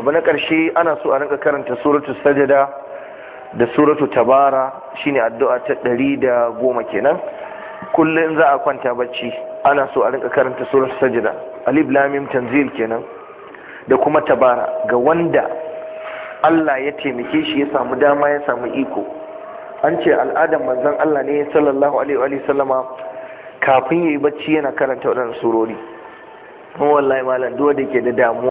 abu na ƙarshe ana so a rinka karanta suratu sajada da suratu tabara shine addu'a ta ɗari da goma kenan kullum za a kwanta bacci ana so a rinka karanta suratu sajada alif lamim tanzil kenan da kuma tabara ga wanda Allah ya taimake shi ya samu dama ya samu iko an ce al'adan manzon Allah ne sallallahu alaihi wa sallama kafin yayi bacci yana karanta waɗannan surori wallahi malam duk wanda ke da damuwa